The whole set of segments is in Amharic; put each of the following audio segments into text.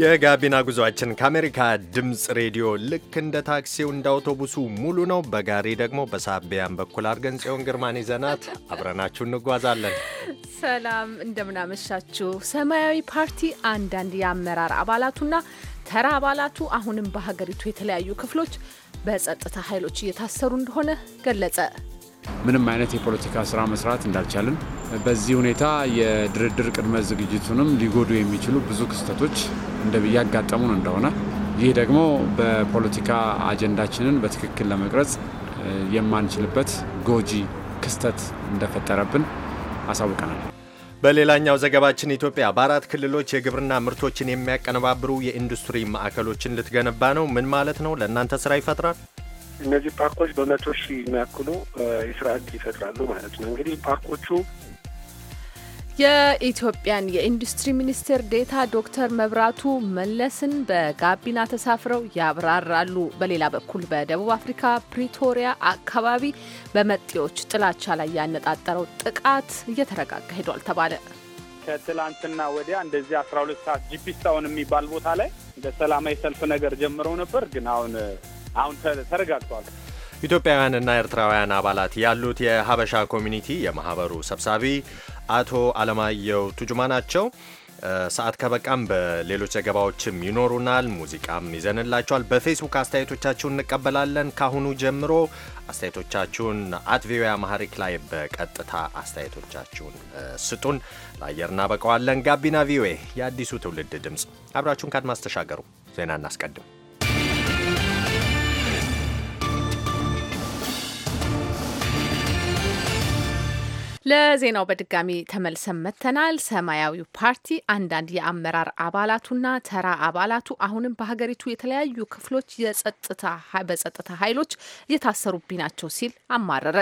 የጋቢና ጉዟችን ከአሜሪካ ድምፅ ሬዲዮ ልክ እንደ ታክሲው እንደ አውቶቡሱ ሙሉ ነው። በጋሪ ደግሞ በሳቢያን በኩል አድርገን ጽዮን ግርማን ይዘናት አብረናችሁ እንጓዛለን። ሰላም እንደምናመሻችሁ። ሰማያዊ ፓርቲ አንዳንድ የአመራር አባላቱና ተራ አባላቱ አሁንም በሀገሪቱ የተለያዩ ክፍሎች በጸጥታ ኃይሎች እየታሰሩ እንደሆነ ገለጸ። ምንም አይነት የፖለቲካ ስራ መስራት እንዳልቻልን፣ በዚህ ሁኔታ የድርድር ቅድመ ዝግጅቱንም ሊጎዱ የሚችሉ ብዙ ክስተቶች እንደያጋጠሙን እንደሆነ ይህ ደግሞ በፖለቲካ አጀንዳችንን በትክክል ለመቅረጽ የማንችልበት ጎጂ ክስተት እንደፈጠረብን አሳውቀናል። በሌላኛው ዘገባችን ኢትዮጵያ በአራት ክልሎች የግብርና ምርቶችን የሚያቀነባብሩ የኢንዱስትሪ ማዕከሎችን ልትገነባ ነው። ምን ማለት ነው? ለእናንተ ስራ ይፈጥራል? እነዚህ ፓርኮች በመቶ ሺህ የሚያክሉ የስራ እድል ይፈጥራሉ ማለት ነው። እንግዲህ ፓርኮቹ የኢትዮጵያን የኢንዱስትሪ ሚኒስቴር ዴታ ዶክተር መብራቱ መለስን በጋቢና ተሳፍረው ያብራራሉ። በሌላ በኩል በደቡብ አፍሪካ ፕሪቶሪያ አካባቢ በመጤዎች ጥላቻ ላይ ያነጣጠረው ጥቃት እየተረጋጋ ሄዷል ተባለ። ከትላንትና ወዲያ እንደዚህ አስራ ሁለት ሰዓት ጂፒስታውን የሚባል ቦታ ላይ እንደ ሰላማዊ ሰልፍ ነገር ጀምረው ነበር ግን አሁን አሁን ተረጋግቷል። ኢትዮጵያውያንና ኤርትራውያን አባላት ያሉት የሀበሻ ኮሚኒቲ የማህበሩ ሰብሳቢ አቶ አለማየሁ ቱጁማ ናቸው። ሰዓት ከበቃም በሌሎች ዘገባዎችም ይኖሩናል። ሙዚቃም ይዘንላቸዋል። በፌስቡክ አስተያየቶቻችሁን እንቀበላለን። ካሁኑ ጀምሮ አስተያየቶቻችሁን አት ቪኦኤ አማሪክ ላይ በቀጥታ አስተያየቶቻችሁን ስጡን፣ ለአየር እናበቀዋለን። ጋቢና ቪኦኤ የአዲሱ ትውልድ ድምፅ፣ አብራችሁን ካድማስ ተሻገሩ። ዜና እናስቀድም። ለዜናው በድጋሚ ተመልሰን መጥተናል። ሰማያዊው ፓርቲ አንዳንድ የአመራር አባላቱና ተራ አባላቱ አሁንም በሀገሪቱ የተለያዩ ክፍሎች በጸጥታ ኃይሎች እየታሰሩብኝ ናቸው ሲል አማረረ።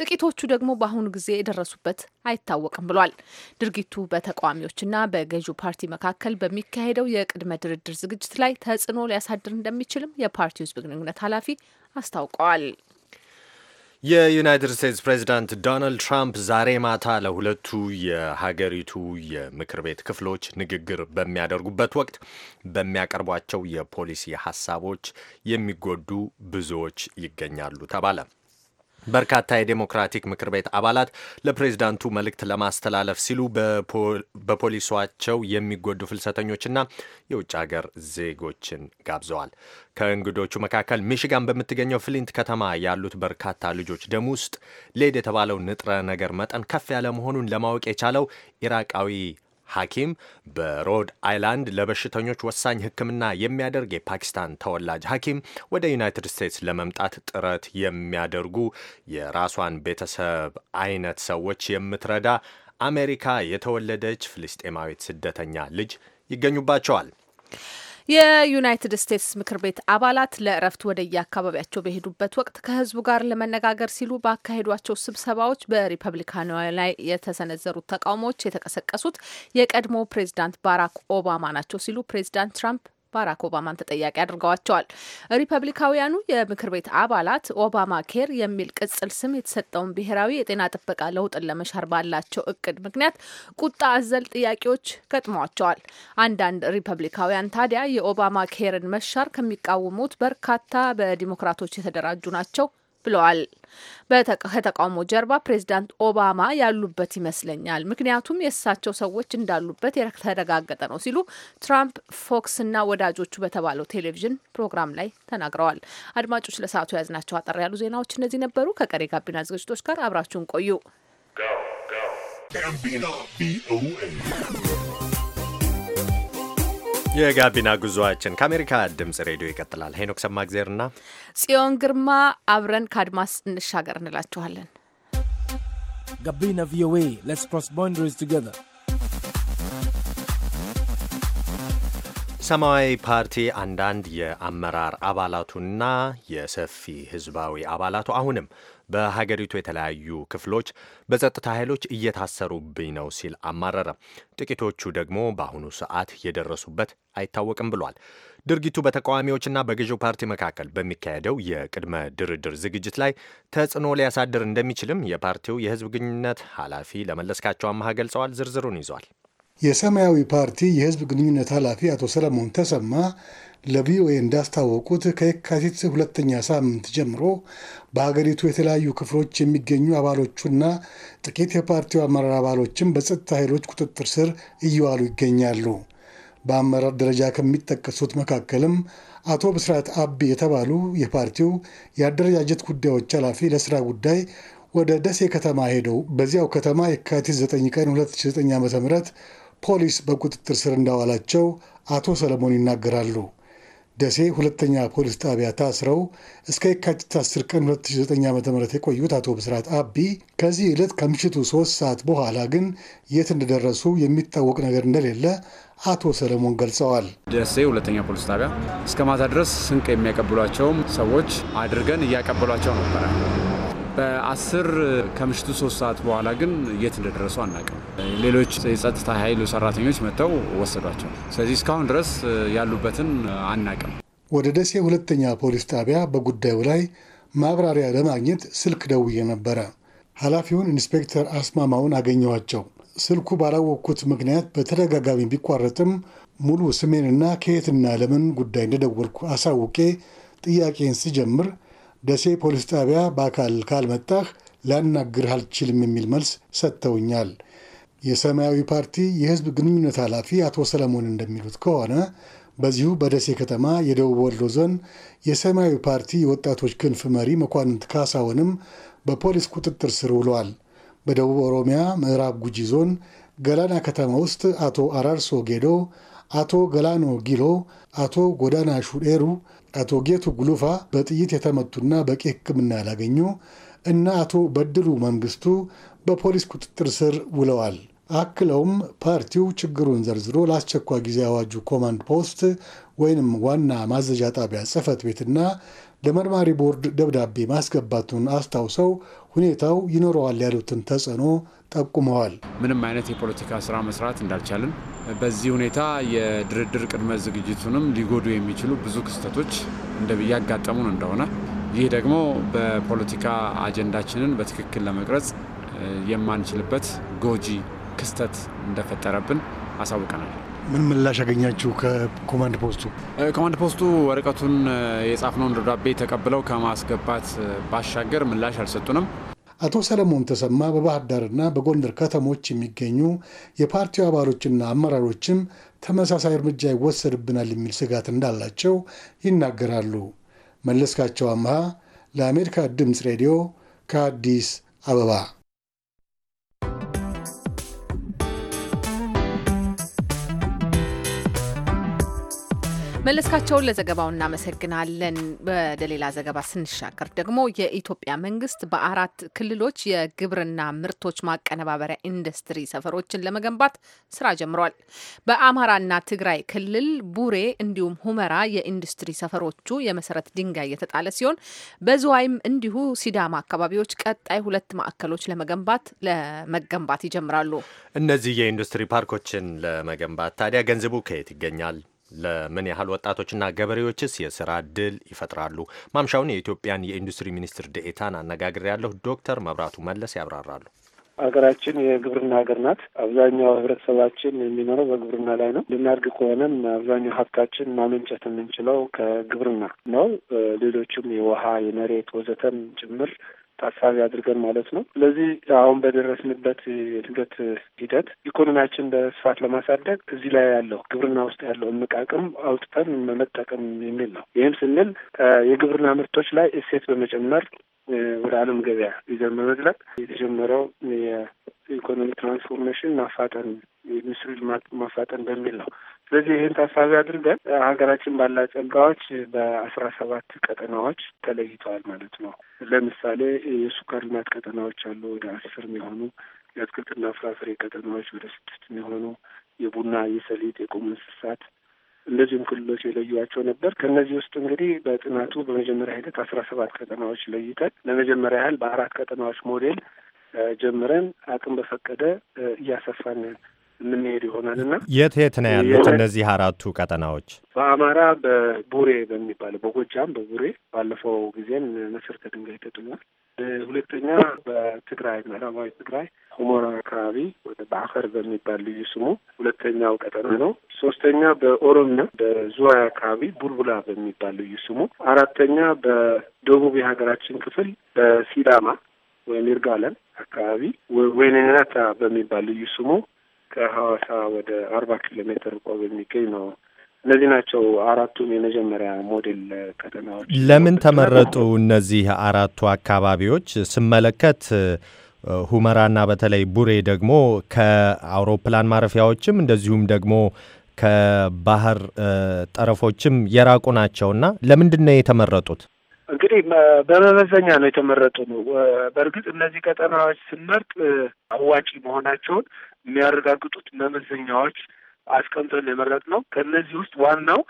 ጥቂቶቹ ደግሞ በአሁኑ ጊዜ የደረሱበት አይታወቅም ብሏል። ድርጊቱ በተቃዋሚዎችና በገዢው ፓርቲ መካከል በሚካሄደው የቅድመ ድርድር ዝግጅት ላይ ተጽዕኖ ሊያሳድር እንደሚችልም የፓርቲው ህዝብ ግንኙነት ኃላፊ አስታውቀዋል። የዩናይትድ ስቴትስ ፕሬዚዳንት ዶናልድ ትራምፕ ዛሬ ማታ ለሁለቱ የሀገሪቱ የምክር ቤት ክፍሎች ንግግር በሚያደርጉበት ወቅት በሚያቀርቧቸው የፖሊሲ ሀሳቦች የሚጎዱ ብዙዎች ይገኛሉ ተባለ። በርካታ የዴሞክራቲክ ምክር ቤት አባላት ለፕሬዚዳንቱ መልእክት ለማስተላለፍ ሲሉ በፖሊሷቸው የሚጎዱ ፍልሰተኞችና የውጭ ሀገር ዜጎችን ጋብዘዋል። ከእንግዶቹ መካከል ሚሽጋን በምትገኘው ፍሊንት ከተማ ያሉት በርካታ ልጆች ደም ውስጥ ሌድ የተባለው ንጥረ ነገር መጠን ከፍ ያለ መሆኑን ለማወቅ የቻለው ኢራቃዊ ሐኪም በሮድ አይላንድ ለበሽተኞች ወሳኝ ሕክምና የሚያደርግ የፓኪስታን ተወላጅ ሐኪም ወደ ዩናይትድ ስቴትስ ለመምጣት ጥረት የሚያደርጉ የራሷን ቤተሰብ አይነት ሰዎች የምትረዳ አሜሪካ የተወለደች ፍልስጤማዊት ስደተኛ ልጅ ይገኙባቸዋል። የዩናይትድ ስቴትስ ምክር ቤት አባላት ለእረፍት ወደየአካባቢያቸው በሄዱበት ወቅት ከህዝቡ ጋር ለመነጋገር ሲሉ ባካሄዷቸው ስብሰባዎች በሪፐብሊካን ላይ የተሰነዘሩት ተቃውሞዎች የተቀሰቀሱት የቀድሞ ፕሬዚዳንት ባራክ ኦባማ ናቸው ሲሉ ፕሬዚዳንት ትራምፕ ባራክ ኦባማን ተጠያቂ አድርገዋቸዋል። ሪፐብሊካውያኑ የምክር ቤት አባላት ኦባማ ኬር የሚል ቅጽል ስም የተሰጠውን ብሔራዊ የጤና ጥበቃ ለውጥን ለመሻር ባላቸው እቅድ ምክንያት ቁጣ አዘል ጥያቄዎች ገጥመዋቸዋል። አንዳንድ ሪፐብሊካውያን ታዲያ የኦባማ ኬርን መሻር ከሚቃወሙት በርካታ በዲሞክራቶች የተደራጁ ናቸው ብለዋል። ከተቃውሞ ጀርባ ፕሬዚዳንት ኦባማ ያሉበት ይመስለኛል፣ ምክንያቱም የእሳቸው ሰዎች እንዳሉበት የተረጋገጠ ነው ሲሉ ትራምፕ ፎክስ እና ወዳጆቹ በተባለው ቴሌቪዥን ፕሮግራም ላይ ተናግረዋል። አድማጮች፣ ለሰዓቱ የያዝናቸው አጠር ያሉ ዜናዎች እነዚህ ነበሩ። ከቀሪ ጋቢና ዝግጅቶች ጋር አብራችሁን ቆዩ። የጋቢና ጉዞአችን ከአሜሪካ ድምጽ ሬዲዮ ይቀጥላል። ሄኖክ ሰማእግዜርና ጽዮን ግርማ አብረን ከአድማስ እንሻገር እንላችኋለን። ጋቢና ቪኦኤ ሌትስ ክሮስ ቦንደሪስ ቱጌዘር ሰማያዊ ፓርቲ አንዳንድ የአመራር አባላቱና የሰፊ ህዝባዊ አባላቱ አሁንም በሀገሪቱ የተለያዩ ክፍሎች በጸጥታ ኃይሎች እየታሰሩብኝ ነው ሲል አማረረ። ጥቂቶቹ ደግሞ በአሁኑ ሰዓት የደረሱበት አይታወቅም ብሏል። ድርጊቱ በተቃዋሚዎችና በገዢው ፓርቲ መካከል በሚካሄደው የቅድመ ድርድር ዝግጅት ላይ ተጽዕኖ ሊያሳድር እንደሚችልም የፓርቲው የህዝብ ግንኙነት ኃላፊ ለመለስካቸው አማሃ ገልጸዋል። ዝርዝሩን ይዟል። የሰማያዊ ፓርቲ የህዝብ ግንኙነት ኃላፊ አቶ ሰለሞን ተሰማ ለቪኦኤ እንዳስታወቁት ከየካቲት ሁለተኛ ሳምንት ጀምሮ በሀገሪቱ የተለያዩ ክፍሎች የሚገኙ አባሎቹና ጥቂት የፓርቲው አመራር አባሎችም በጸጥታ ኃይሎች ቁጥጥር ስር እየዋሉ ይገኛሉ። በአመራር ደረጃ ከሚጠቀሱት መካከልም አቶ ብስራት አቢ የተባሉ የፓርቲው የአደረጃጀት ጉዳዮች ኃላፊ ለስራ ጉዳይ ወደ ደሴ ከተማ ሄደው በዚያው ከተማ የካቲት 9 ቀን 2009 ም ፖሊስ በቁጥጥር ስር እንዳዋላቸው አቶ ሰለሞን ይናገራሉ። ደሴ ሁለተኛ ፖሊስ ጣቢያ ታስረው እስከ የካቲት 10 ቀን 2009 ዓ ም የቆዩት አቶ ብስራት አቢ ከዚህ ዕለት ከምሽቱ ሶስት ሰዓት በኋላ ግን የት እንደደረሱ የሚታወቅ ነገር እንደሌለ አቶ ሰለሞን ገልጸዋል። ደሴ ሁለተኛ ፖሊስ ጣቢያ እስከ ማታ ድረስ ስንቅ የሚያቀብሏቸውም ሰዎች አድርገን እያቀበሏቸው ነበረ። በአስር ከምሽቱ ሶስት ሰዓት በኋላ ግን የት እንደደረሱ አናውቅም። ሌሎች የጸጥታ ኃይሉ ሰራተኞች መጥተው ወሰዷቸው። ስለዚህ እስካሁን ድረስ ያሉበትን አናውቅም። ወደ ደሴ ሁለተኛ ፖሊስ ጣቢያ በጉዳዩ ላይ ማብራሪያ ለማግኘት ስልክ ደውዬ ነበረ። ኃላፊውን ኢንስፔክተር አስማማውን አገኘኋቸው። ስልኩ ባላወቅኩት ምክንያት በተደጋጋሚ ቢቋረጥም ሙሉ ስሜንና ከየትና ለምን ጉዳይ እንደደወልኩ አሳውቄ ጥያቄን ስጀምር ደሴ ፖሊስ ጣቢያ በአካል ካልመጣህ ላናግርህ አልችልም የሚል መልስ ሰጥተውኛል። የሰማያዊ ፓርቲ የህዝብ ግንኙነት ኃላፊ አቶ ሰለሞን እንደሚሉት ከሆነ በዚሁ በደሴ ከተማ የደቡብ ወሎ ዞን የሰማያዊ ፓርቲ የወጣቶች ክንፍ መሪ መኳንንት ካሳሁንም በፖሊስ ቁጥጥር ስር ውለዋል። በደቡብ ኦሮሚያ ምዕራብ ጉጂ ዞን ገላና ከተማ ውስጥ አቶ አራርሶ ጌዶ፣ አቶ ገላኖ ጊሎ፣ አቶ ጎዳና ሹዴሩ አቶ ጌቱ ጉሉፋ በጥይት የተመቱና በቂ ሕክምና ያላገኙ እና አቶ በድሉ መንግስቱ በፖሊስ ቁጥጥር ስር ውለዋል። አክለውም ፓርቲው ችግሩን ዘርዝሮ ለአስቸኳይ ጊዜ አዋጁ ኮማንድ ፖስት ወይንም ዋና ማዘዣ ጣቢያ ጽህፈት ቤትና ለመርማሪ ቦርድ ደብዳቤ ማስገባቱን አስታውሰው ሁኔታው ይኖረዋል ያሉትን ተጽዕኖ ጠቁመዋል። ምንም አይነት የፖለቲካ ስራ መስራት እንዳልቻልን፣ በዚህ ሁኔታ የድርድር ቅድመ ዝግጅቱንም ሊጎዱ የሚችሉ ብዙ ክስተቶች እያጋጠሙን እንደሆነ ይህ ደግሞ በፖለቲካ አጀንዳችንን በትክክል ለመቅረጽ የማንችልበት ጎጂ ክስተት እንደፈጠረብን አሳውቀናል። ምን ምላሽ ያገኛችሁ ከኮማንድ ፖስቱ? ኮማንድ ፖስቱ ወረቀቱን የጻፍነውን ደብዳቤ ተቀብለው ከማስገባት ባሻገር ምላሽ አልሰጡንም። አቶ ሰለሞን ተሰማ በባህር ዳርና በጎንደር ከተሞች የሚገኙ የፓርቲው አባሎችና አመራሮችም ተመሳሳይ እርምጃ ይወሰድብናል የሚል ስጋት እንዳላቸው ይናገራሉ። መለስካቸው አምሃ ለአሜሪካ ድምፅ ሬዲዮ ከአዲስ አበባ መለስካቸውን ለዘገባው እናመሰግናለን። ወደ ሌላ ዘገባ ስንሻገር ደግሞ የኢትዮጵያ መንግስት በአራት ክልሎች የግብርና ምርቶች ማቀነባበሪያ ኢንዱስትሪ ሰፈሮችን ለመገንባት ስራ ጀምሯል። በአማራና ትግራይ ክልል ቡሬ እንዲሁም ሁመራ የኢንዱስትሪ ሰፈሮቹ የመሰረት ድንጋይ የተጣለ ሲሆን በዝዋይም እንዲሁ ሲዳማ አካባቢዎች ቀጣይ ሁለት ማዕከሎች ለመገንባት ለመገንባት ይጀምራሉ። እነዚህ የኢንዱስትሪ ፓርኮችን ለመገንባት ታዲያ ገንዘቡ ከየት ይገኛል? ለምን ያህል ወጣቶችና ገበሬዎችስ የስራ እድል ይፈጥራሉ? ማምሻውን የኢትዮጵያን የኢንዱስትሪ ሚኒስትር ደኤታን ያለሁ ዶክተር መብራቱ መለስ ያብራራሉ። ሀገራችን የግብርና ሀገር ናት። አብዛኛው ህብረተሰባችን የሚኖረው በግብርና ላይ ነው። ልናድግ ከሆነም አብዛኛው ሀብታችን ማመንጨት የምንችለው ከግብርና ነው። ሌሎችም የውሃ የመሬት ወዘተም ጭምር ታሳቢ አድርገን ማለት ነው። ስለዚህ አሁን በደረስንበት የእድገት ሂደት ኢኮኖሚያችን በስፋት ለማሳደግ እዚህ ላይ ያለው ግብርና ውስጥ ያለው እምቅ አቅም አውጥተን መጠቀም የሚል ነው። ይህም ስንል የግብርና ምርቶች ላይ እሴት በመጨመር ወደ ዓለም ገበያ ይዘን በመዝለቅ የተጀመረው የኢኮኖሚ ትራንስፎርሜሽን ማፋጠን የኢንዱስትሪ ልማት ማፋጠን በሚል ነው። ስለዚህ ይህን ታሳቢ አድርገን ሀገራችን ባላት ጸጋዎች በአስራ ሰባት ቀጠናዎች ተለይተዋል ማለት ነው። ለምሳሌ የሱካር ልማት ቀጠናዎች አሉ ወደ አስር የሚሆኑ የአትክልትና ፍራፍሬ ቀጠናዎች ወደ ስድስት የሚሆኑ የቡና፣ የሰሊጥ፣ የቁም እንስሳት እንደዚሁም ክልሎች የለዩዋቸው ነበር። ከእነዚህ ውስጥ እንግዲህ በጥናቱ በመጀመሪያ ሂደት አስራ ሰባት ከተማዎች ለይተን ለመጀመሪያ ያህል በአራት ከተማዎች ሞዴል ጀምረን አቅም በፈቀደ እያሰፋን የምንሄድ ይሆናል እና የት የት ነው ያሉት እነዚህ አራቱ ቀጠናዎች? በአማራ በቡሬ በሚባለው በጎጃም በቡሬ ባለፈው ጊዜም መሰረተ ድንጋይ ተጥሏል። ሁለተኛ በትግራይ ምዕራባዊ ትግራይ ሁመራ አካባቢ በአፈር በሚባል ልዩ ስሙ ሁለተኛው ቀጠና ነው። ሶስተኛ በኦሮሚያ በዙዋይ አካባቢ ቡልቡላ በሚባል ልዩ ስሙ፣ አራተኛ በደቡብ የሀገራችን ክፍል በሲዳማ ወይም ይርጋለም አካባቢ ወይኔነታ በሚባል ልዩ ስሙ ከሐዋሳ ወደ አርባ ኪሎ ሜትር ርቆ በሚገኝ ነው። እነዚህ ናቸው አራቱም የመጀመሪያ ሞዴል ከተማዎች። ለምን ተመረጡ እነዚህ አራቱ አካባቢዎች ስመለከት ሁመራና በተለይ ቡሬ ደግሞ ከአውሮፕላን ማረፊያዎችም እንደዚሁም ደግሞ ከባህር ጠረፎችም የራቁ ናቸውና ለምንድን ነው የተመረጡት? እንግዲህ በመመዘኛ ነው የተመረጡ ነው። በእርግጥ እነዚህ ቀጠናዎች ስንመርጥ አዋጪ መሆናቸውን የሚያረጋግጡት መመዘኛዎች አስቀምጠን የመረጥ ነው። ከእነዚህ ውስጥ ዋናው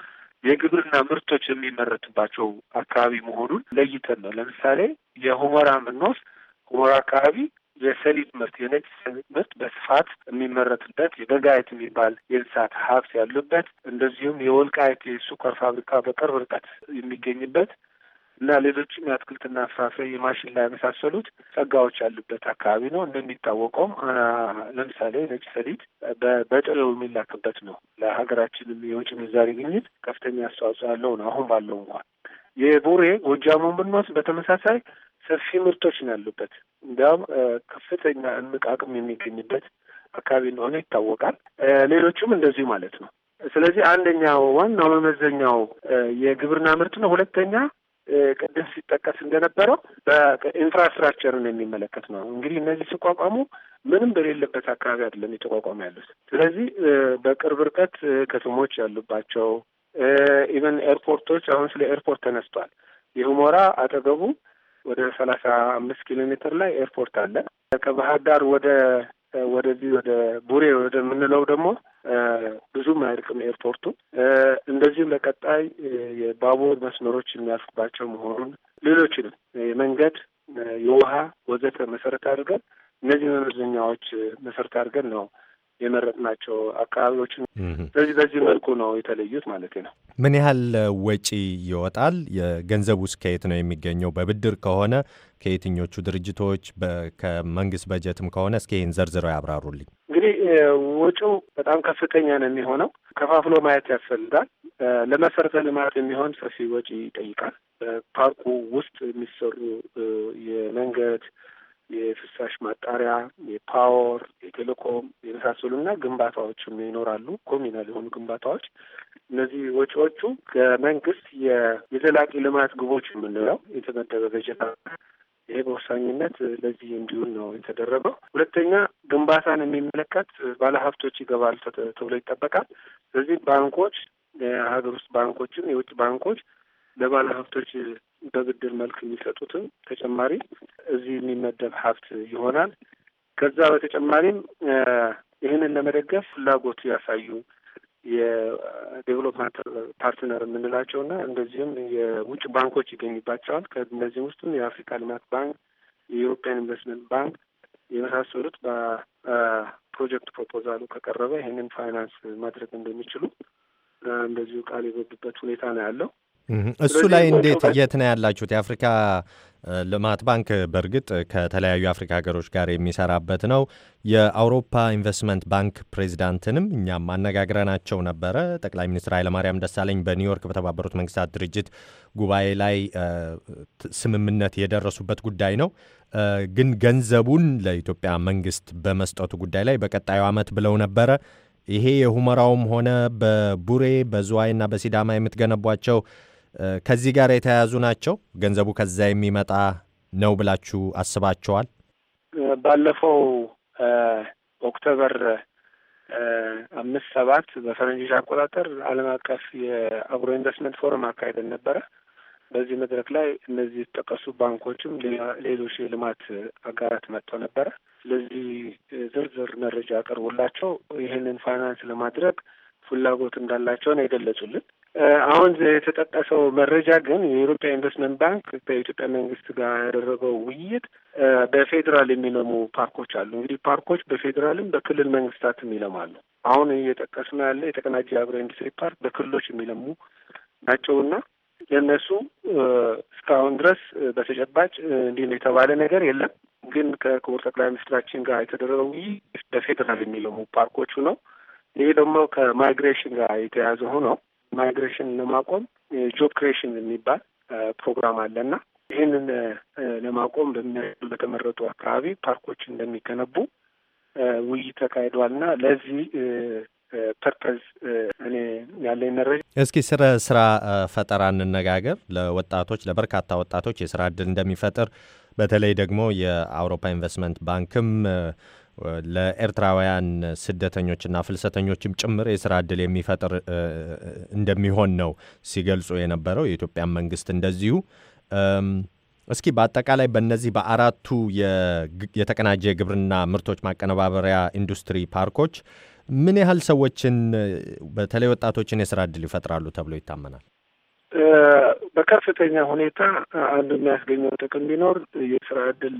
የግብርና ምርቶች የሚመረትባቸው አካባቢ መሆኑን ለይተን ነው። ለምሳሌ የሁመራ ብንወስድ ሁመራ አካባቢ የሰሊጥ ምርት የነጭ ሰሊጥ ምርት በስፋት የሚመረትበት የደጋየት የሚባል የእንስሳት ሀብት ያሉበት እንደዚሁም የወልቃይት የስኳር ፋብሪካ በቅርብ ርቀት የሚገኝበት እና ሌሎችም የአትክልትና ፍራፍሬ የማሽላ የመሳሰሉት ጸጋዎች ያሉበት አካባቢ ነው። እንደሚታወቀውም ለምሳሌ ነጭ ሰሊጥ በጥሬው የሚላክበት ነው። ለሀገራችንም የውጭ ምንዛሪ ግኝት ከፍተኛ አስተዋጽኦ ያለው ነው። አሁን ባለው እንኳን የቡሬ ጎጃሙን ብንወስድ በተመሳሳይ ሰፊ ምርቶች ነው ያሉበት። እንዲያውም ከፍተኛ እምቅ አቅም የሚገኝበት አካባቢ እንደሆነ ይታወቃል። ሌሎቹም እንደዚሁ ማለት ነው። ስለዚህ አንደኛው ዋናው መመዘኛው የግብርና ምርት ነው። ሁለተኛ ቅድም ሲጠቀስ እንደነበረው በኢንፍራስትራክቸርን የሚመለከት ነው። እንግዲህ እነዚህ ሲቋቋሙ ምንም በሌለበት አካባቢ አይደለም የተቋቋሙ ያሉት። ስለዚህ በቅርብ ርቀት ከተሞች ያሉባቸው ኢቨን ኤርፖርቶች፣ አሁን ስለ ኤርፖርት ተነስቷል። የሁመራ አጠገቡ ወደ ሰላሳ አምስት ኪሎ ሜትር ላይ ኤርፖርት አለ። ከባህር ዳር ወደ ወደዚህ ወደ ቡሬ ምንለው ደግሞ ብዙም አይርቅም ኤርፖርቱ። እንደዚሁም በቀጣይ የባቡር መስመሮች የሚያልፍባቸው መሆኑን ሌሎችንም የመንገድ የውሃ ወዘተ መሰረት አድርገን እነዚህ መመዘኛዎች መሰረት አድርገን ነው የመረጥናቸው አካባቢዎችን ስለዚህ በዚህ መልኩ ነው የተለዩት ማለት ነው። ምን ያህል ወጪ ይወጣል? የገንዘቡ ውስጥ ከየት ነው የሚገኘው? በብድር ከሆነ ከየትኞቹ ድርጅቶች፣ ከመንግስት በጀትም ከሆነ እስኪ ይህን ዘርዝረው ያብራሩልኝ። እንግዲህ ወጪው በጣም ከፍተኛ ነው የሚሆነው። ከፋፍሎ ማየት ያስፈልጋል። ለመሰረተ ልማት የሚሆን ሰፊ ወጪ ይጠይቃል። በፓርኩ ውስጥ የሚሰሩ የመንገድ የፍሳሽ ማጣሪያ፣ የፓወር፣ የቴሌኮም የመሳሰሉና ግንባታዎችም ይኖራሉ። ኮሚናል የሆኑ ግንባታዎች። እነዚህ ወጪዎቹ ከመንግስት የዘላቂ ልማት ግቦች የምንለው የተመደበ በጀት ይሄ በወሳኝነት ለዚህ እንዲሁን ነው የተደረገው። ሁለተኛ ግንባታን የሚመለከት ባለሀብቶች ይገባል ተብሎ ይጠበቃል። ስለዚህ ባንኮች፣ ሀገር ውስጥ ባንኮችም የውጭ ባንኮች ለባለሀብቶች በብድር መልክ የሚሰጡትም ተጨማሪ እዚህ የሚመደብ ሀብት ይሆናል። ከዛ በተጨማሪም ይህንን ለመደገፍ ፍላጎት ያሳዩ የዴቨሎፕመንት ፓርትነር የምንላቸው እና እንደዚሁም የውጭ ባንኮች ይገኝባቸዋል። ከእነዚህም ውስጥም የአፍሪካ ልማት ባንክ፣ የኢሮፒያን ኢንቨስትመንት ባንክ የመሳሰሉት በፕሮጀክት ፕሮፖዛሉ ከቀረበ ይህንን ፋይናንስ ማድረግ እንደሚችሉ እንደዚሁ ቃል የገቡበት ሁኔታ ነው ያለው። እሱ ላይ እንዴት የት ነው ያላችሁት? የአፍሪካ ልማት ባንክ በእርግጥ ከተለያዩ የአፍሪካ ሀገሮች ጋር የሚሰራበት ነው። የአውሮፓ ኢንቨስትመንት ባንክ ፕሬዚዳንትንም እኛም አነጋግረናቸው ነበረ። ጠቅላይ ሚኒስትር ኃይለማርያም ደሳለኝ በኒውዮርክ በተባበሩት መንግስታት ድርጅት ጉባኤ ላይ ስምምነት የደረሱበት ጉዳይ ነው። ግን ገንዘቡን ለኢትዮጵያ መንግስት በመስጠቱ ጉዳይ ላይ በቀጣዩ ዓመት ብለው ነበረ። ይሄ የሁመራውም ሆነ በቡሬ በዝዋይና በሲዳማ የምትገነቧቸው ከዚህ ጋር የተያያዙ ናቸው? ገንዘቡ ከዛ የሚመጣ ነው ብላችሁ አስባችኋል? ባለፈው ኦክቶበር አምስት ሰባት በፈረንጆች አቆጣጠር ዓለም አቀፍ የአግሮ ኢንቨስትመንት ፎረም አካሄደን ነበረ። በዚህ መድረክ ላይ እነዚህ የተጠቀሱ ባንኮችም ሌሎች የልማት አጋራት መጥተው ነበረ። ስለዚህ ዝርዝር መረጃ አቀርቡላቸው ይህንን ፋይናንስ ለማድረግ ፍላጎት እንዳላቸውን የገለጹልን አሁን የተጠቀሰው መረጃ ግን የኢትዮጵያ ኢንቨስትመንት ባንክ ከኢትዮጵያ መንግስት ጋር ያደረገው ውይይት በፌዴራል የሚለሙ ፓርኮች አሉ። እንግዲህ ፓርኮች በፌዴራልም በክልል መንግስታትም ይለማሉ። አሁን ነው ያለ የተቀናጀ አግሮ ኢንዱስትሪ ፓርክ በክልሎች የሚለሙ እና የእነሱ እስካሁን ድረስ በተጨባጭ እንዲህ የተባለ ነገር የለም። ግን ከክቡር ጠቅላይ ሚኒስትራችን ጋር የተደረገው ውይይት በፌዴራል የሚለሙ ፓርኮቹ ነው። ይህ ደግሞ ከማይግሬሽን ጋር የተያያዘ ሆነው ማይግሬሽን ለማቆም ጆብ ክሬሽን የሚባል ፕሮግራም አለና ይህንን ለማቆም በተመረጡ አካባቢ ፓርኮች እንደሚገነቡ ውይይት ተካሂዷልና ለዚህ ፐርፐዝ እኔ ያለኝ መረጃ። እስኪ ስለ ስራ ፈጠራ እንነጋገር። ለወጣቶች ለበርካታ ወጣቶች የስራ እድል እንደሚፈጥር በተለይ ደግሞ የአውሮፓ ኢንቨስትመንት ባንክም ለኤርትራውያን ስደተኞችና ፍልሰተኞችም ጭምር የስራ ዕድል የሚፈጥር እንደሚሆን ነው ሲገልጹ የነበረው የኢትዮጵያን መንግስት እንደዚሁ። እስኪ በአጠቃላይ በእነዚህ በአራቱ የተቀናጀ የግብርና ምርቶች ማቀነባበሪያ ኢንዱስትሪ ፓርኮች ምን ያህል ሰዎችን በተለይ ወጣቶችን የስራ ዕድል ይፈጥራሉ ተብሎ ይታመናል? በከፍተኛ ሁኔታ አንዱ የሚያስገኘው ጥቅም ቢኖር የስራ እድል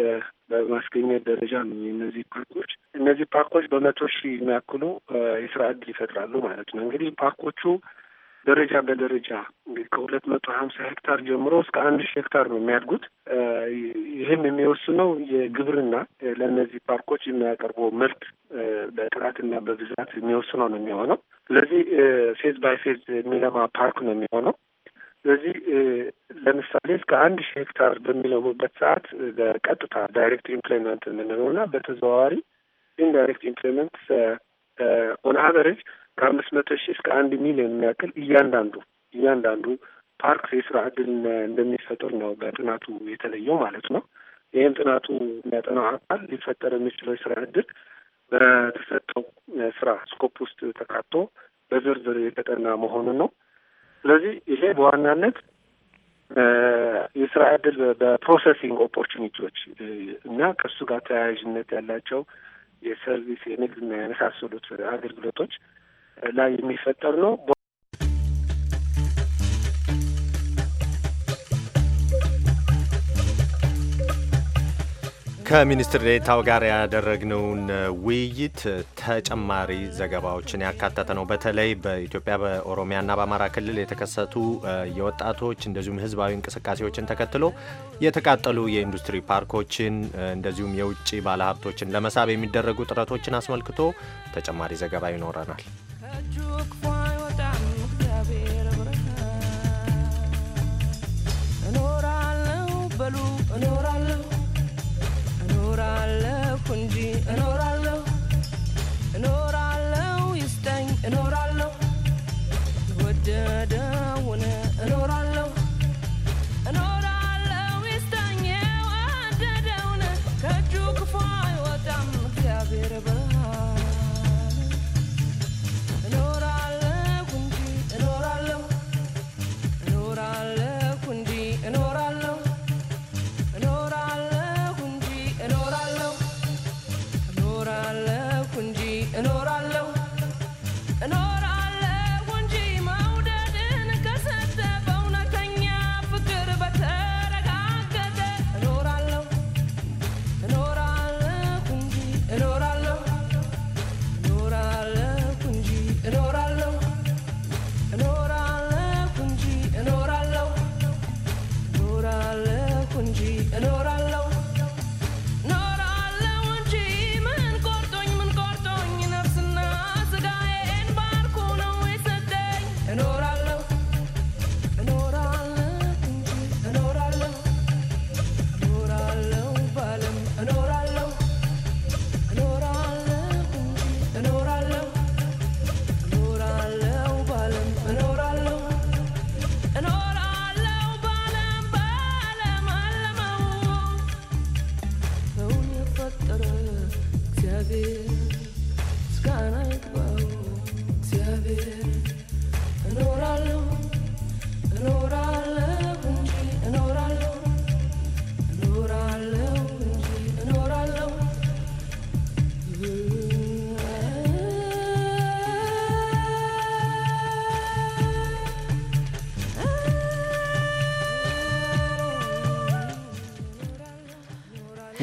በማስገኘት ደረጃ ነው። እነዚህ ፓርኮች እነዚህ ፓርኮች በመቶ ሺህ የሚያክሉ የስራ እድል ይፈጥራሉ ማለት ነው። እንግዲህ ፓርኮቹ ደረጃ በደረጃ ከሁለት መቶ ሀምሳ ሄክታር ጀምሮ እስከ አንድ ሺህ ሄክታር ነው የሚያድጉት። ይህም የሚወስነው የግብርና ለእነዚህ ፓርኮች የሚያቀርበው ምርት በጥራትና በብዛት የሚወስነው ነው የሚሆነው። ስለዚህ ፌዝ ባይ ፌዝ የሚለማ ፓርክ ነው የሚሆነው። ስለዚህ ለምሳሌ እስከ አንድ ሺህ ሄክታር በሚለሙበት ሰዓት በቀጥታ ዳይሬክት ኢምፕሎይመንት የምንለው እና በተዘዋዋሪ ኢንዳይሬክት ኢምፕሎይመንት ኦን አቨሬጅ ከአምስት መቶ ሺህ እስከ አንድ ሚሊዮን የሚያክል እያንዳንዱ እያንዳንዱ ፓርክ የስራ እድል እንደሚፈጥር ነው በጥናቱ የተለየው ማለት ነው። ይህም ጥናቱ የሚያጠናው አካል ሊፈጠር የሚችለው የስራ እድል በተሰጠው ስራ ስኮፕ ውስጥ ተካቶ በዝርዝር የተጠና መሆኑን ነው። ስለዚህ ይሄ በዋናነት የስራ ዕድል በፕሮሰሲንግ ኦፖርቹኒቲዎች እና ከሱ ጋር ተያያዥነት ያላቸው የሰርቪስ የንግድና የመሳሰሉት አገልግሎቶች ላይ የሚፈጠር ነው። ከሚኒስትር ዴታው ጋር ያደረግነውን ውይይት ተጨማሪ ዘገባዎችን ያካተተ ነው። በተለይ በኢትዮጵያ በኦሮሚያና በአማራ ክልል የተከሰቱ የወጣቶች እንደዚሁም ሕዝባዊ እንቅስቃሴዎችን ተከትሎ የተቃጠሉ የኢንዱስትሪ ፓርኮችን እንደዚሁም የውጭ ባለሀብቶችን ለመሳብ የሚደረጉ ጥረቶችን አስመልክቶ ተጨማሪ ዘገባ ይኖረናል። And all I oralão, an oralão, isso tem, an oralão.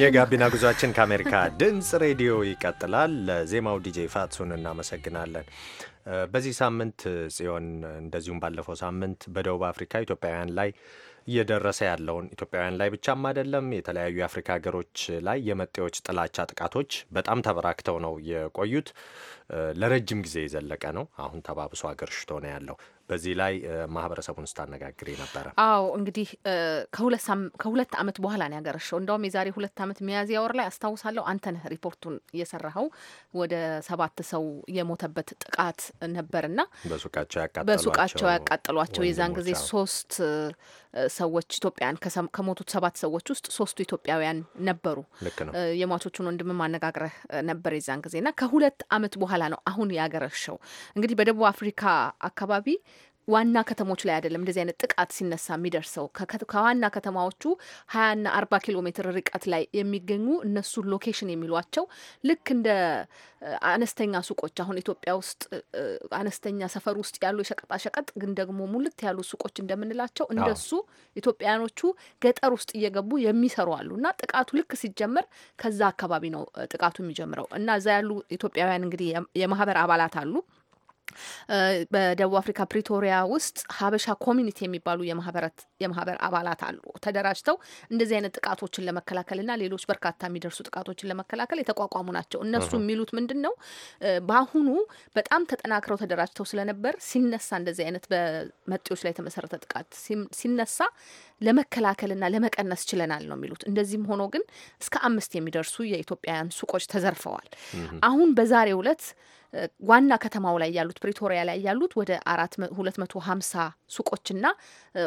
የጋቢና ጉዟችን ከአሜሪካ ድምፅ ሬዲዮ ይቀጥላል። ለዜማው ዲጄ ፋትሱን እናመሰግናለን። በዚህ ሳምንት ጽዮን፣ እንደዚሁም ባለፈው ሳምንት በደቡብ አፍሪካ ኢትዮጵያውያን ላይ እየደረሰ ያለውን ኢትዮጵያውያን ላይ ብቻም አይደለም የተለያዩ የአፍሪካ ሀገሮች ላይ የመጤዎች ጥላቻ ጥቃቶች በጣም ተበራክተው ነው የቆዩት። ለረጅም ጊዜ የዘለቀ ነው። አሁን ተባብሶ አገርሽቶ ነው ያለው። በዚህ ላይ ማህበረሰቡን ስታነጋግር ነበረ። አዎ እንግዲህ ከሁለት ዓመት በኋላ ነው ያገረሸው። እንደውም የዛሬ ሁለት ዓመት ሚያዝያ ወር ላይ አስታውሳለሁ፣ አንተነህ ሪፖርቱን እየሰራኸው ወደ ሰባት ሰው የሞተበት ጥቃት ነበርና በሱቃቸው ያቃጠሏቸው የዛን ጊዜ ሶስት ሰዎች ኢትዮጵያን ከሞቱት ሰባት ሰዎች ውስጥ ሶስቱ ኢትዮጵያውያን ነበሩ። የሟቾቹን ወንድም ማነጋግረህ ነበር የዛን ጊዜና ከሁለት ዓመት በኋላ ነው አሁን ያገረሸው። እንግዲህ በደቡብ አፍሪካ አካባቢ ዋና ከተሞች ላይ አይደለም እንደዚህ አይነት ጥቃት ሲነሳ የሚደርሰው ከዋና ከተማዎቹ ሀያና አርባ ኪሎ ሜትር ርቀት ላይ የሚገኙ እነሱ ሎኬሽን የሚሏቸው ልክ እንደ አነስተኛ ሱቆች አሁን ኢትዮጵያ ውስጥ አነስተኛ ሰፈር ውስጥ ያሉ የሸቀጣሸቀጥ ግን ደግሞ ሙልት ያሉ ሱቆች እንደምንላቸው እንደሱ ኢትዮጵያውያኖቹ ገጠር ውስጥ እየገቡ የሚሰሩ አሉ እና ጥቃቱ ልክ ሲጀመር ከዛ አካባቢ ነው ጥቃቱ የሚጀምረው እና እዛ ያሉ ኢትዮጵያውያን እንግዲህ የማህበር አባላት አሉ በደቡብ አፍሪካ ፕሪቶሪያ ውስጥ ሀበሻ ኮሚኒቲ የሚባሉ የማህበር አባላት አሉ። ተደራጅተው እንደዚህ አይነት ጥቃቶችን ለመከላከልና ሌሎች በርካታ የሚደርሱ ጥቃቶችን ለመከላከል የተቋቋሙ ናቸው። እነሱ የሚሉት ምንድን ነው? በአሁኑ በጣም ተጠናክረው ተደራጅተው ስለነበር ሲነሳ እንደዚህ አይነት በመጤዎች ላይ የተመሰረተ ጥቃት ሲነሳ ለመከላከልና ለመቀነስ ችለናል ነው የሚሉት። እንደዚህም ሆኖ ግን እስከ አምስት የሚደርሱ የኢትዮጵያውያን ሱቆች ተዘርፈዋል። አሁን በዛሬው ዕለት ዋና ከተማው ላይ ያሉት ፕሪቶሪያ ላይ ያሉት ወደ አራት ሁለት መቶ ሀምሳ ሱቆችና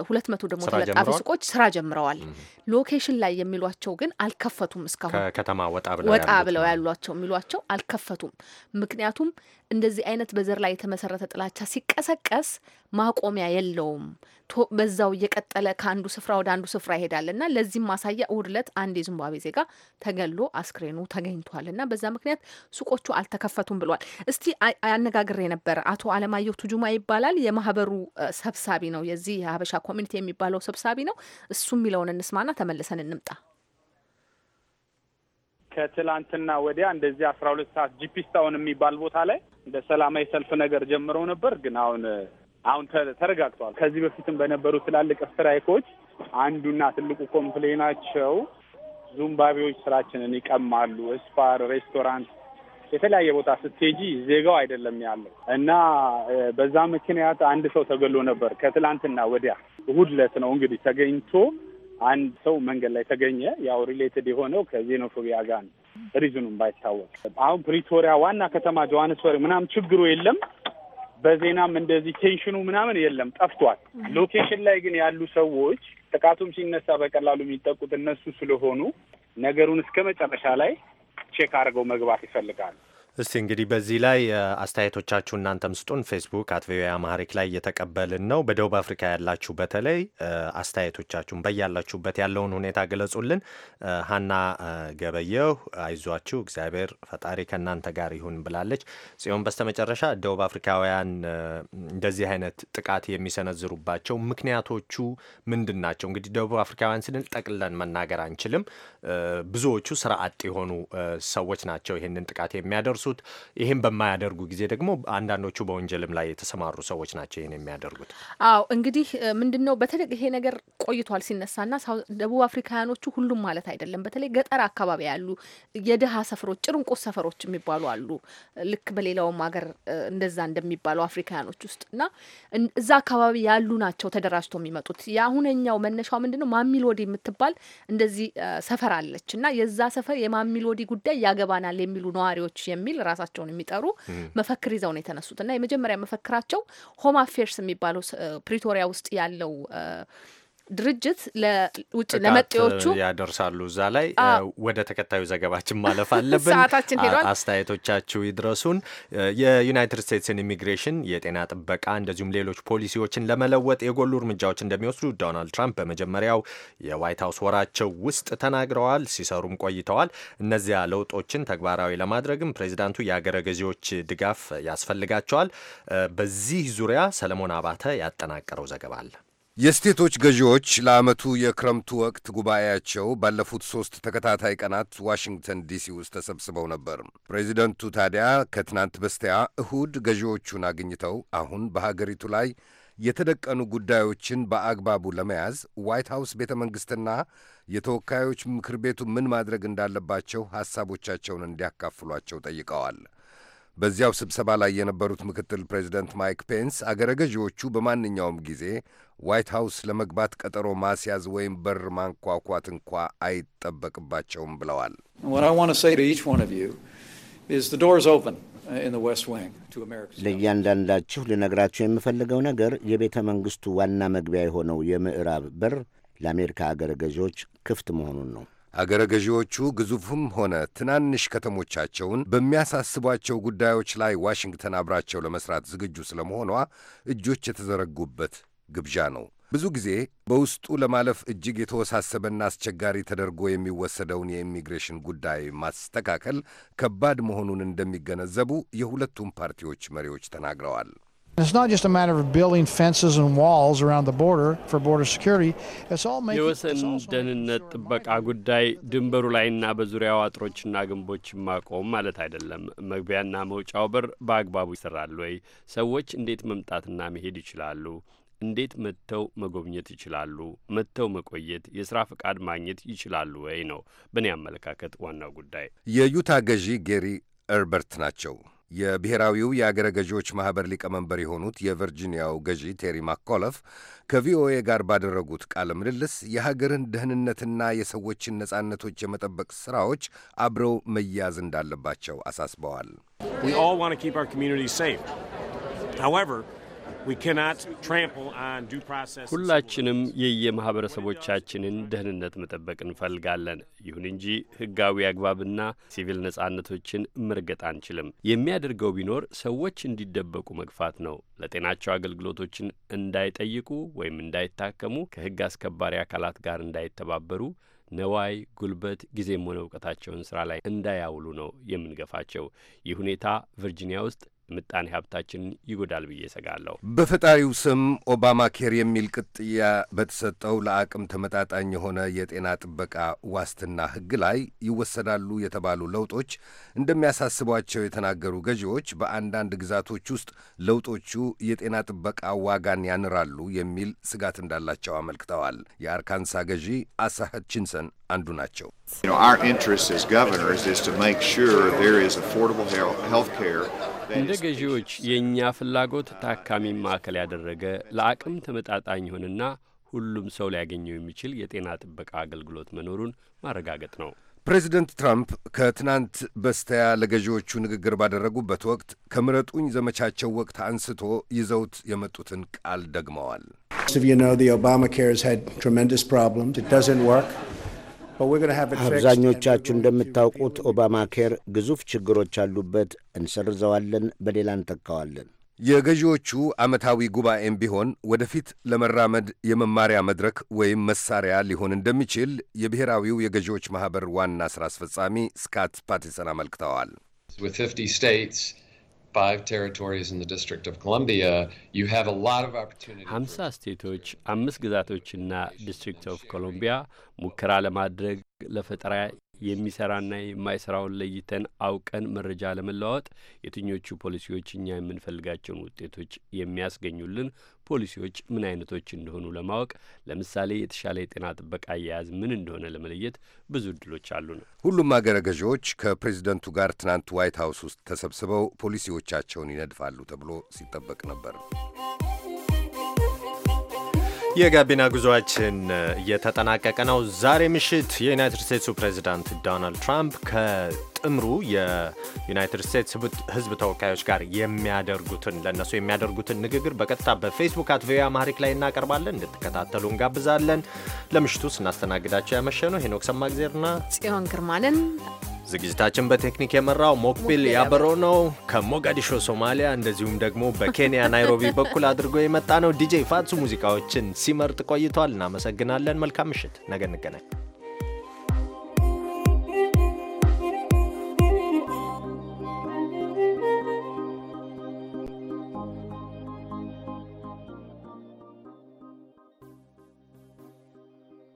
ሁለት መቶ ደግሞ ተለጣፊ ሱቆች ስራ ጀምረዋል። ሎኬሽን ላይ የሚሏቸው ግን አልከፈቱም። እስካሁን ከተማ ወጣ ብለው ያሏቸው የሚሏቸው አልከፈቱም። ምክንያቱም እንደዚህ አይነት በዘር ላይ የተመሰረተ ጥላቻ ሲቀሰቀስ ማቆሚያ የለውም። በዛው እየቀጠለ ከአንዱ ስፍራ ወደ አንዱ ስፍራ ይሄዳል እና ለዚህም ማሳያ እሁድ ዕለት አንድ የዚምባብዌ ዜጋ ተገሎ አስክሬኑ ተገኝቷል እና በዛ ምክንያት ሱቆቹ አልተከፈቱም ብሏል። እስቲ አነጋግሬ የነበረ አቶ አለማየሁ ቱጁማ ይባላል። የማህበሩ ሰብሳቢ ነው። የዚህ የሀበሻ ኮሚኒቲ የሚባለው ሰብሳቢ ነው። እሱ የሚለውን እንስማና ተመልሰን እንምጣ። ከትላንትና ወዲያ እንደዚህ አስራ ሁለት ሰዓት ጂፒስታውን የሚባል ቦታ ላይ እንደ ሰላማዊ ሰልፍ ነገር ጀምረው ነበር፣ ግን አሁን አሁን ተረጋግተዋል። ከዚህ በፊትም በነበሩ ትላልቅ ስትራይኮች አንዱና ትልቁ ኮምፕሌናቸው ዙምባቤዎች ስራችንን ይቀማሉ፣ ስፓር፣ ሬስቶራንት የተለያየ ቦታ ስትሄጂ ዜጋው አይደለም ያለው እና በዛ ምክንያት አንድ ሰው ተገሎ ነበር። ከትላንትና ወዲያ እሁድ ዕለት ነው እንግዲህ ተገኝቶ አንድ ሰው መንገድ ላይ ተገኘ። ያው ሪሌትድ የሆነው ከዜኖፎቢያ ጋር ነው። ሪዝኑም ባይታወቅ አሁን ፕሪቶሪያ ዋና ከተማ ጆሀንስበርግ ምናምን ችግሩ የለም። በዜናም እንደዚህ ቴንሽኑ ምናምን የለም፣ ጠፍቷል። ሎኬሽን ላይ ግን ያሉ ሰዎች ጥቃቱም ሲነሳ በቀላሉ የሚጠቁት እነሱ ስለሆኑ ነገሩን እስከ መጨረሻ ላይ ቼክ አድርገው መግባት ይፈልጋሉ። እስቲ እንግዲህ በዚህ ላይ አስተያየቶቻችሁ እናንተም ስጡን። ፌስቡክ አት ቪኦኤ አማሪክ ላይ እየተቀበልን ነው። በደቡብ አፍሪካ ያላችሁ በተለይ አስተያየቶቻችሁን በያላችሁበት ያለውን ሁኔታ ገለጹልን። ሀና ገበየው አይዟችሁ፣ እግዚአብሔር ፈጣሪ ከእናንተ ጋር ይሁን ብላለች። ጽዮን በስተመጨረሻ ደቡብ አፍሪካውያን እንደዚህ አይነት ጥቃት የሚሰነዝሩባቸው ምክንያቶቹ ምንድን ናቸው? እንግዲህ ደቡብ አፍሪካውያን ስንል ጠቅለን መናገር አንችልም። ብዙዎቹ ስራ አጥ የሆኑ ሰዎች ናቸው ይህንን ጥቃት የሚያደርሱ የሚያነሱት። ይህን በማያደርጉ ጊዜ ደግሞ አንዳንዶቹ በወንጀልም ላይ የተሰማሩ ሰዎች ናቸው ይህን የሚያደርጉት። አዎ እንግዲህ ምንድን ነው በተለይ ይሄ ነገር ቆይቷል ሲነሳና ደቡብ አፍሪካውያኖቹ ሁሉም ማለት አይደለም፣ በተለይ ገጠር አካባቢ ያሉ የድሃ ሰፈሮች ጭርንቁስ ሰፈሮች የሚባሉ አሉ። ልክ በሌላውም ሀገር እንደዛ እንደሚባለው አፍሪካውያኖች ውስጥ እና እዛ አካባቢ ያሉ ናቸው ተደራጅቶ የሚመጡት። የአሁነኛው መነሻው ምንድን ነው ማሚሎዲ የምትባል እንደዚህ ሰፈር አለች እና የዛ ሰፈር የማሚሎዲ ጉዳይ ያገባናል የሚሉ ነዋሪዎች የሚል በሚል ራሳቸውን የሚጠሩ መፈክር ይዘው ነው የተነሱት እና የመጀመሪያ መፈክራቸው ሆም አፌርስ የሚባለው ፕሪቶሪያ ውስጥ ያለው ድርጅት ለውጭ ለመጤዎቹ ያደርሳሉ። እዛ ላይ ወደ ተከታዩ ዘገባችን ማለፍ አለብን። ሰዓታችን ሄዷል። አስተያየቶቻችሁ ይድረሱን። የዩናይትድ ስቴትስን ኢሚግሬሽን፣ የጤና ጥበቃ እንደዚሁም ሌሎች ፖሊሲዎችን ለመለወጥ የጎሉ እርምጃዎች እንደሚወስዱ ዶናልድ ትራምፕ በመጀመሪያው የዋይት ሀውስ ወራቸው ውስጥ ተናግረዋል። ሲሰሩም ቆይተዋል። እነዚያ ለውጦችን ተግባራዊ ለማድረግም ፕሬዚዳንቱ የአገረ ገዢዎች ድጋፍ ያስፈልጋቸዋል። በዚህ ዙሪያ ሰለሞን አባተ ያጠናቀረው ዘገባ አለ። የስቴቶች ገዢዎች ለዓመቱ የክረምቱ ወቅት ጉባኤያቸው ባለፉት ሦስት ተከታታይ ቀናት ዋሽንግተን ዲሲ ውስጥ ተሰብስበው ነበር። ፕሬዚደንቱ ታዲያ ከትናንት በስቲያ እሁድ ገዢዎቹን አግኝተው አሁን በሀገሪቱ ላይ የተደቀኑ ጉዳዮችን በአግባቡ ለመያዝ ዋይት ሃውስ ቤተ መንግሥትና የተወካዮች ምክር ቤቱ ምን ማድረግ እንዳለባቸው ሐሳቦቻቸውን እንዲያካፍሏቸው ጠይቀዋል። በዚያው ስብሰባ ላይ የነበሩት ምክትል ፕሬዚደንት ማይክ ፔንስ አገረ ገዢዎቹ በማንኛውም ጊዜ ዋይት ሀውስ ለመግባት ቀጠሮ ማስያዝ ወይም በር ማንኳኳት እንኳ አይጠበቅባቸውም ብለዋል። uh, ለእያንዳንዳችሁ ልነግራችሁ የምፈልገው ነገር የቤተ መንግሥቱ ዋና መግቢያ የሆነው የምዕራብ በር ለአሜሪካ አገረ ገዢዎች ክፍት መሆኑን ነው። አገረ ገዢዎቹ ግዙፍም ሆነ ትናንሽ ከተሞቻቸውን በሚያሳስቧቸው ጉዳዮች ላይ ዋሽንግተን አብራቸው ለመስራት ዝግጁ ስለመሆኗ እጆች የተዘረጉበት ግብዣ ነው። ብዙ ጊዜ በውስጡ ለማለፍ እጅግ የተወሳሰበና አስቸጋሪ ተደርጎ የሚወሰደውን የኢሚግሬሽን ጉዳይ ማስተካከል ከባድ መሆኑን እንደሚገነዘቡ የሁለቱም ፓርቲዎች መሪዎች ተናግረዋል። የወሰን ደህንነት ጥበቃ ጉዳይ ድንበሩ ላይና በዙሪያው አጥሮችና ግንቦች ማቆም ማለት አይደለም። መግቢያና መውጫው በር በአግባቡ ይሰራሉ ወይ? ሰዎች እንዴት መምጣትና መሄድ ይችላሉ? እንዴት መጥተው መጎብኘት ይችላሉ? መጥተው መቆየት፣ የስራ ፈቃድ ማግኘት ይችላሉ ወይ ነው በእኔ አመለካከት ዋናው ጉዳይ። የዩታ ገዢ ጌሪ እርበርት ናቸው። የብሔራዊው የአገረ ገዢዎች ማኅበር ሊቀመንበር የሆኑት የቨርጂኒያው ገዢ ቴሪ ማኮለፍ ከቪኦኤ ጋር ባደረጉት ቃለ ምልልስ የሀገርን ደህንነትና የሰዎችን ነጻነቶች የመጠበቅ ሥራዎች አብረው መያዝ እንዳለባቸው አሳስበዋል። ሁላችንም የየማህበረሰቦቻችንን ደህንነት መጠበቅ እንፈልጋለን። ይሁን እንጂ ህጋዊ አግባብና ሲቪል ነጻነቶችን መርገጥ አንችልም። የሚያደርገው ቢኖር ሰዎች እንዲደበቁ መግፋት ነው። ለጤናቸው አገልግሎቶችን እንዳይጠይቁ ወይም እንዳይታከሙ ከህግ አስከባሪ አካላት ጋር እንዳይተባበሩ ነዋይ፣ ጉልበት፣ ጊዜም ሆነ እውቀታቸውን ስራ ላይ እንዳያውሉ ነው የምንገፋቸው። ይህ ሁኔታ ቨርጂኒያ ውስጥ ምጣኔ ሀብታችንን ይጎዳል ብዬ ሰጋለሁ። በፈጣሪው ስም ኦባማ ኬር የሚል ቅጥያ በተሰጠው ለአቅም ተመጣጣኝ የሆነ የጤና ጥበቃ ዋስትና ሕግ ላይ ይወሰዳሉ የተባሉ ለውጦች እንደሚያሳስቧቸው የተናገሩ ገዢዎች በአንዳንድ ግዛቶች ውስጥ ለውጦቹ የጤና ጥበቃ ዋጋን ያንራሉ የሚል ስጋት እንዳላቸው አመልክተዋል። የአርካንሳ ገዢ አሳ ሀችንሰን አንዱ ናቸው። Our interest as governors is to make sure there is affordable health care እንደ ገዢዎች የእኛ ፍላጎት ታካሚን ማዕከል ያደረገ ለአቅም ተመጣጣኝ ይሆንና ሁሉም ሰው ሊያገኘው የሚችል የጤና ጥበቃ አገልግሎት መኖሩን ማረጋገጥ ነው። ፕሬዚደንት ትራምፕ ከትናንት በስተያ ለገዢዎቹ ንግግር ባደረጉበት ወቅት ከምረጡኝ ዘመቻቸው ወቅት አንስቶ ይዘውት የመጡትን ቃል ደግመዋል። አብዛኞቻችሁ እንደምታውቁት ኦባማ ኬር ግዙፍ ችግሮች ያሉበት፣ እንሰርዘዋለን፣ በሌላ እንተካዋለን። የገዢዎቹ ዓመታዊ ጉባኤም ቢሆን ወደፊት ለመራመድ የመማሪያ መድረክ ወይም መሳሪያ ሊሆን እንደሚችል የብሔራዊው የገዢዎች ማኅበር ዋና ሥራ አስፈጻሚ ስካት ፓቲሰን አመልክተዋል። five territories in the District of Columbia, you have a lot of opportunity. ሀምሳ ስቴቶች አምስት ግዛቶችና ዲስትሪክት ኦፍ ኮሎምቢያ ሙከራ ለማድረግ ለፈጠራ የሚሰራና የማይሰራውን ለይተን አውቀን መረጃ ለመለዋወጥ የትኞቹ ፖሊሲዎች እኛ የምንፈልጋቸውን ውጤቶች የሚያስገኙልን ፖሊሲዎች ምን አይነቶች እንደሆኑ ለማወቅ ለምሳሌ የተሻለ የጤና ጥበቃ አያያዝ ምን እንደሆነ ለመለየት ብዙ እድሎች አሉ ነው። ሁሉም አገረ ገዢዎች ከፕሬዚደንቱ ጋር ትናንት ዋይት ሀውስ ውስጥ ተሰብስበው ፖሊሲዎቻቸውን ይነድፋሉ ተብሎ ሲጠበቅ ነበር። የጋቢና ጉዞአችን እየተጠናቀቀ ነው። ዛሬ ምሽት የዩናይትድ ስቴትሱ ፕሬዚዳንት ዶናልድ ትራምፕ ከ ጥምሩ የዩናይትድ ስቴትስ ህዝብ ተወካዮች ጋር የሚያደርጉትን ለእነሱ የሚያደርጉትን ንግግር በቀጥታ በፌስቡክ አት ቪኦኤ አማሪክ ላይ እናቀርባለን። እንድትከታተሉ እንጋብዛለን። ለምሽቱ ስናስተናግዳቸው ያመሸነው ሄኖክ ሰማግዜርና ጽዮን ግርማንን ዝግጅታችን በቴክኒክ የመራው ሞክቢል ያበሮ ነው። ከሞጋዲሾ ሶማሊያ፣ እንደዚሁም ደግሞ በኬንያ ናይሮቢ በኩል አድርጎ የመጣ ነው። ዲጄ ፋትሱ ሙዚቃዎችን ሲመርጥ ቆይቷል። እናመሰግናለን። መልካም ምሽት። ነገ እንገናኝ።